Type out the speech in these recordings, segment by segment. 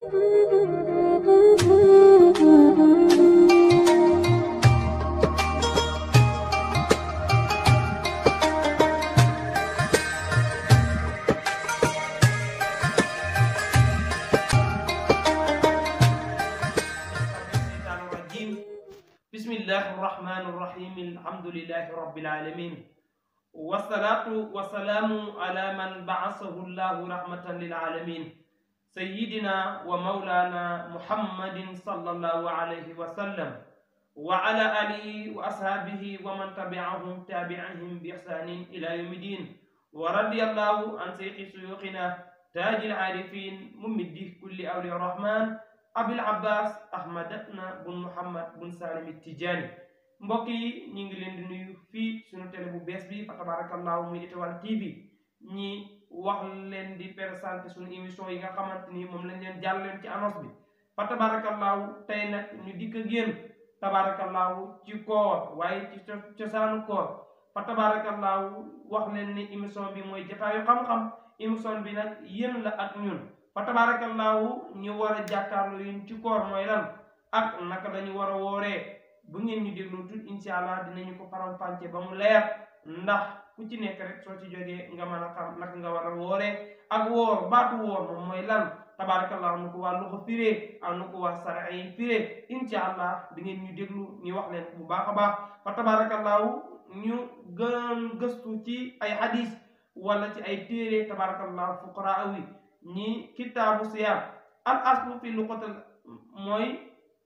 بسم الله الرحمن الرحيم الحمد لله رب العالمين والصلاة والسلام على من بعثه الله رحمة للعالمين سيدنا ومولانا محمد صلى الله عليه وسلم وعلى آله وأصحابه ومن تبعهم تابعهم بإحسان إلى يوم الدين ورضي الله عن سيد شيوخنا تاج العارفين ممد كل أولياء الرحمن أبي العباس أحمد بن محمد بن سالم التجاني mbokk yi ñu ngi leen di nuyu fii suñu télé bu bees bi fa tabarakallahu muy Étoile TV ñi wax leen di présenté suñu émission yi nga xamante ni moom lañ leen jàlleen ci annonce bi fa tabarakallahu tey nag ñu dikk génn tabarakallahu ci koor waaye ci cosaanu koor fa tabarakallahu wax leen ni émission bi mooy jataayu xam-xam émission bi nag yéen la ak ñun fa tabarakallahu ñu war a jàkkaarlu yéen ci koor mooy lan ak naka dañu war a wooree bu ngeen ñu déglu tut incha allah dinañu ko faram-fàcce ba mu leer ndax ku ci nek rek so ci joge nga mën xam nak nga wara a ak wor baatu wor mom moy lan tabarakallah nu ko waa loxo firee ak nu ko allah di ngeen ñu deglu ñi wax leen bu baaxa baax fa tabarakallah ñu gën gëstu ci ay hadis wala ci ay téré tabarakallah fuqra'awi ni ñi siyam al aslu fi luqatal moy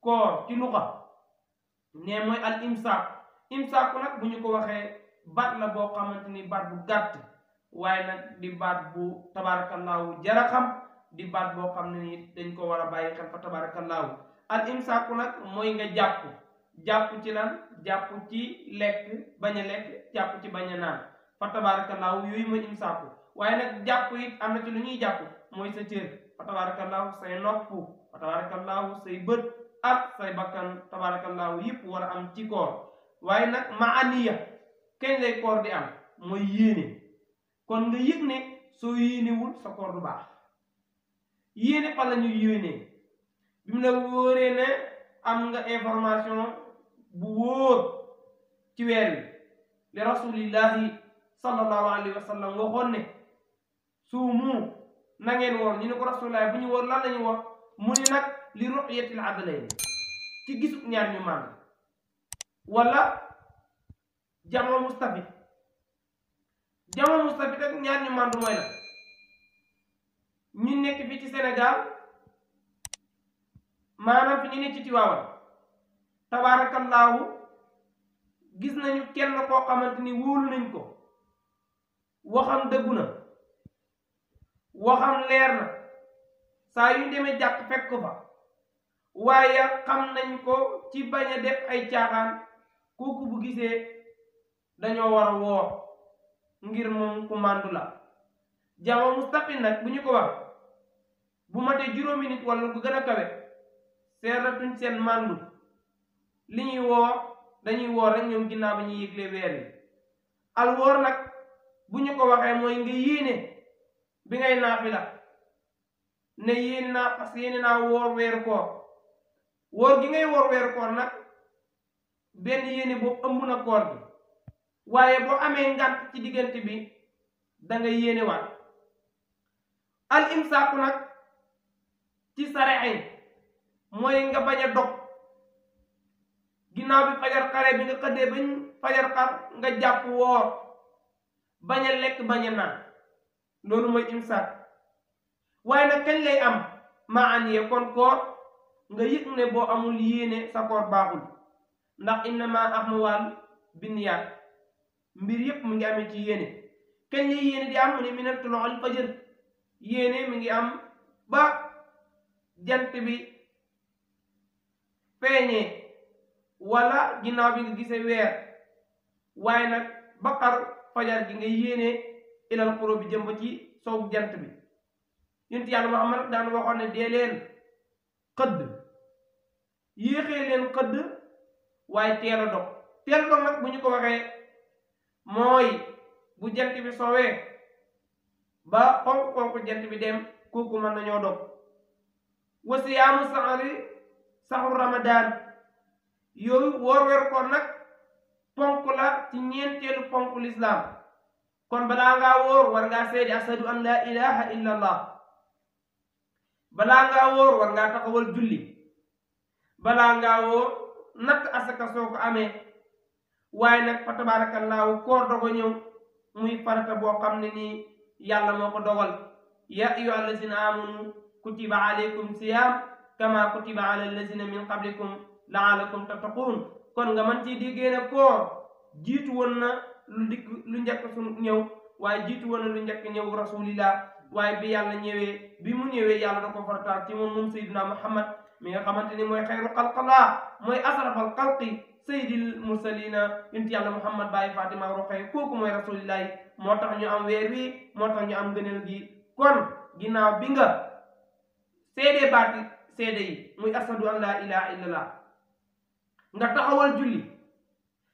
ko ci luqa ne moy al imsak imsak nak buñu ko waxe bat la bo xamanteni bat wainak bu gatt waye nak di bat bu tabaarakallaahu jarakam di bat bo xam ni dañ ko wara baye xel fa tabaarakallaahu al imsaaku nak moy nga japp japp ci lan japp ci lek baña lek japp ci baña nan. fa tabaarakallaahu yooyu mo imsaaku waye nak japp it amna ci lu ñuy jàpp mooy sa cër fa tabaarakallaahu say nopp fa say beut ak say bakkan tabaarakallaahu yep wara am ci koor waye nak maaniya kañ lay koor di am mooy yéene kon nga yëg ne soo yéenewul sa koor du baax yéene fan la ñuy yéenee bi mu la wóoree ne am nga information bu wóor ci weer wi li rasulillahi sallallahu alayhi wa sallam waxoon ne suumu na ngeen woor ñu ne ko rasulillahi bu ñu woor lan la ñu woor mu ni nag li ru'yatil adlayn ci gisub ñaar ñu maam wala jamoo mustafi jamoo mustafi rek ñaar ñu màndu mooy la ñu nekk fii ci Sénégal maanaam fi ñu ne ci Tiwaawan tabaarakallaahu gis nañu kenn koo xamante ni wóolu nañ ko waxam dëggu na waxam leer na saa yu demee jàpp fekk ko fa waaye xam nañ ko ci bañ a def ay caaxaan kooku bu gisee dañoo war a woor ngir moom ku màndu la jaama mustaqil nag bu ñu ko wax bu matee juróomi nit wala ku gën a kawe seeratuñ seen màndu li ñuy woor dañuy woor rek ñoom ginnaaw nag bu ñu ko waxee mooy nga yéene bi ngay naafila ne yéene naa fas yéene naa woor weeru koor woor gi ngay woor weeru koor nag benn yéene boobu ëmb na koor bi waaye boo amee ngànt ci diggante bi danga nga yéenewaat al imsaaku nag ci saraxin mooy nga bañ a dog ginnaaw bi fajar xare bi nga xëddee bañ fajar xar nga jàpp woor bañ a lekk bañ a loolu mooy imsaak waaye nag kañ lay am maa an yee kon koor nga yëg ne boo amul yéene sa koor baaxul ndax innama amwaal binniyaat mbir yëpp mu ngi amee ci yéene kañ la yéene di am mu ne minal tuluul fajr yéene mi ngi am ba jant bi feeñee wala ginnaaw bi nga gisee weer waaye nag ba xar fajar gi nga yéene ilal xuroo bi jëm ba ci sow jant bi yonent yàlla Muhammad daan waxoon ne dee leen xëdd yéexee leen waaye teel a dog teel nag bu ñu ko mooy bu jant bi soowee ba xonk-xonk jant bi dem kooku mën nañoo dog wa siyaamu saxari saxu ramadaan yooyu woor weer koor nag ponk la ci ñeenteelu ponk lislaam kon balaa ngaa wóor war ngaa seede ashadu an laa ilaha illa balaa ngaa wóor war ngaa taxawal julli balaa ngaa wóor natt asaka soo ko amee waaye nag fa tabaarakallaahu koor dogo ñëw muy farata boo xam ne nii yàlla moo ko dogal ya ayyuha allazina amanu kutiba alaykum siyaam kama kutiba ala allazina min qablikum laalakum tattaquun kon nga man ci déggee ne koor jiitu woon na lu dikk lu njëkk suñu ñëw waaye jiitu woon lu njëkk ñëw rasulillah waaye bi yàlla ñëwee bi mu ñëwee yàlla da ko farataal ci moom moom sayyidina muhammad mi nga xamante ni mooy xayru xalqallah mooy asrafal xalqi sayyidil mursalina yonent yàlla muhammad bàyyi fatima roxoy kooku mooy rasulillahi moo tax ñu am weer wi moo tax ñu am ngëneel gi kon ginnaaw bi nga seede baati seede yi muy asadu an laa ilaha illallah nga taxawal julli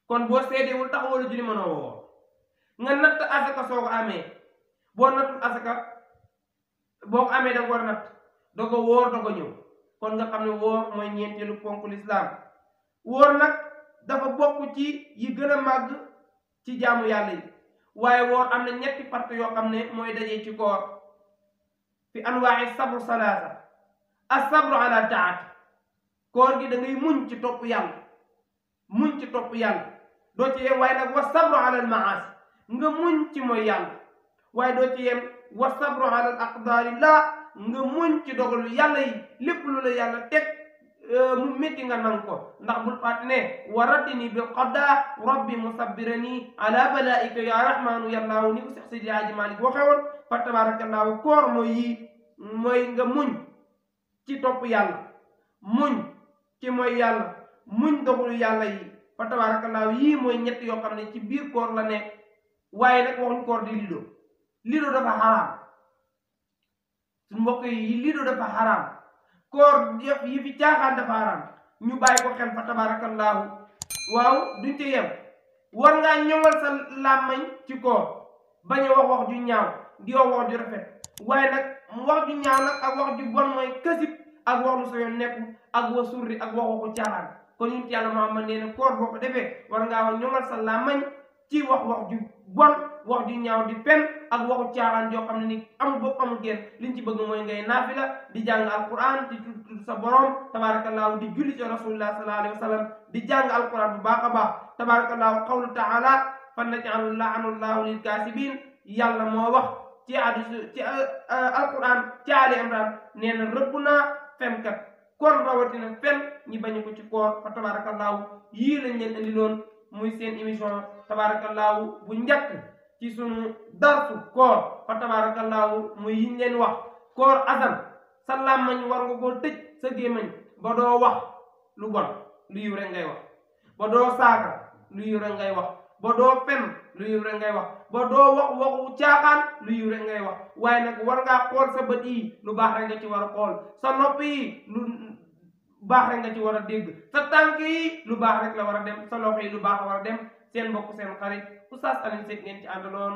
kon boo seedewul taxawal julli mënoo woo nga natt asaka soo ko amee boo nattul asaka boo ko amee da nga war a natt doog ñëw kon nga xam ne wóor mooy ñeenteelu ponk lislaam wóor nag dafa bokk ci yi gën a màgg ci jaamu yàlla yi waaye woo am na ñetti part yoo xam ne mooy dajee ci koor fi anwaa'i sabr salaasa as-sabru ala taat koor gi da ngay muñ ci topp yàlla muñ ci topp yàlla doo ci yem waaye nag wa sabru ala al nga muñ ci mooy yàlla waaye doo ci yem wa sabru ala al laa nga muñ ci dogalu yàlla yi lépp lu la yàlla teg Eh, mu métti nga nang ko ndax bul fàtt waratini bi qada rabbi musabbirani ala balaika ya rahmanu yallaahu ni ko Seex Seydi Aji Maalik waxe woon fa tabarakallahu koor mooy yi mooy nga muñ ci topp yàlla muñ ci mooy yàlla muñ dogalu yàlla yi fa tabarakallahu yii mooy ñett yoo xam ne ci biir koor la nekk waaye nag waxuñ koor di lido lido dafa xaraam suñu mbokk yi lido dafa xaraam koor yi fi caaxaan dafa araam ñu bàyyi ko xel fa tabaarakallaahu waaw du te yem war ngaa ñoŋal sa làmmañ ci koor bañ a wax wax ju ñaaw di wax wax ju rafet waaye nag wax ju ñaaw ak wax ju bon mooy kësib ak wax lu sa nekku ak wa surri ak wax waxu caaxaan kon ñun yàlla Muhammad nee na koor boo ko defee war ngaa ñoŋal sa làmmañ ci wax wax ju bon wax ju ñaaw di pen ak waxu caaxaan jo xamni ni am bopp amul liñ ci bëgg moy ngay nafila di jang alquran di tuddu sa borom tabarakallah di julli ci rasulullah sallallahu alaihi wasallam sallam di jang alquran bu baax baax tabarakallah qawlu taala fa najalu llahu lil kaasibin yalla mo wax ci hadis ci euh, alquran ci ali imran neena na fem kat kon rawati rawatina fen ñi bañu ko ci koor fa tabarakallah yi lañ leen andiloon muy seen émission tabarakallah bu ci sunu darsu koor fa tabaarakallaahu muy yiñ leen wax koor azan sa làmmañ war nga koo tëj sa gémmañ ba doo wax lu bon lu yiw rek wax ba doo saaga lu yiw rek ngay wax ba doo fen lu yiw rek ngay wax ba doo wax waxu caaxaan lu yiw rek ngay wax waaye nag war ngaa xool sa bët yi lu baax rek nga ci war a xool sa nopp yi lu baax rek nga ci war a dégg sa lu baax rek la war a dem sa loxo yi lu baax la war dem seen mbokk sen xarit oustaz Alioune Seck ngeen ci àndaloon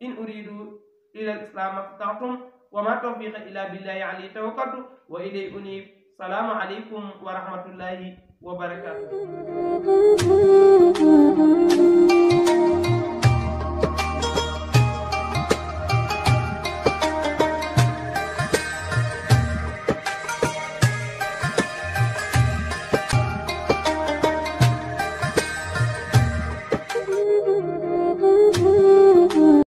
in uridu ila al islam mastata'tum wa ma tawfiqa illa billahi alayhi tawakkaltu wa ilayhi unib salaamu aleykum wa rahmatullahi wa barakatuh